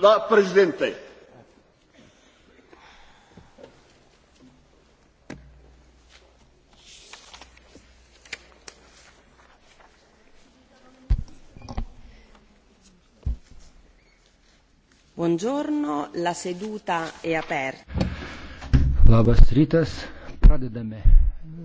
La Presidente. Buongiorno, la seduta è aperta. Labas rytas, pradedame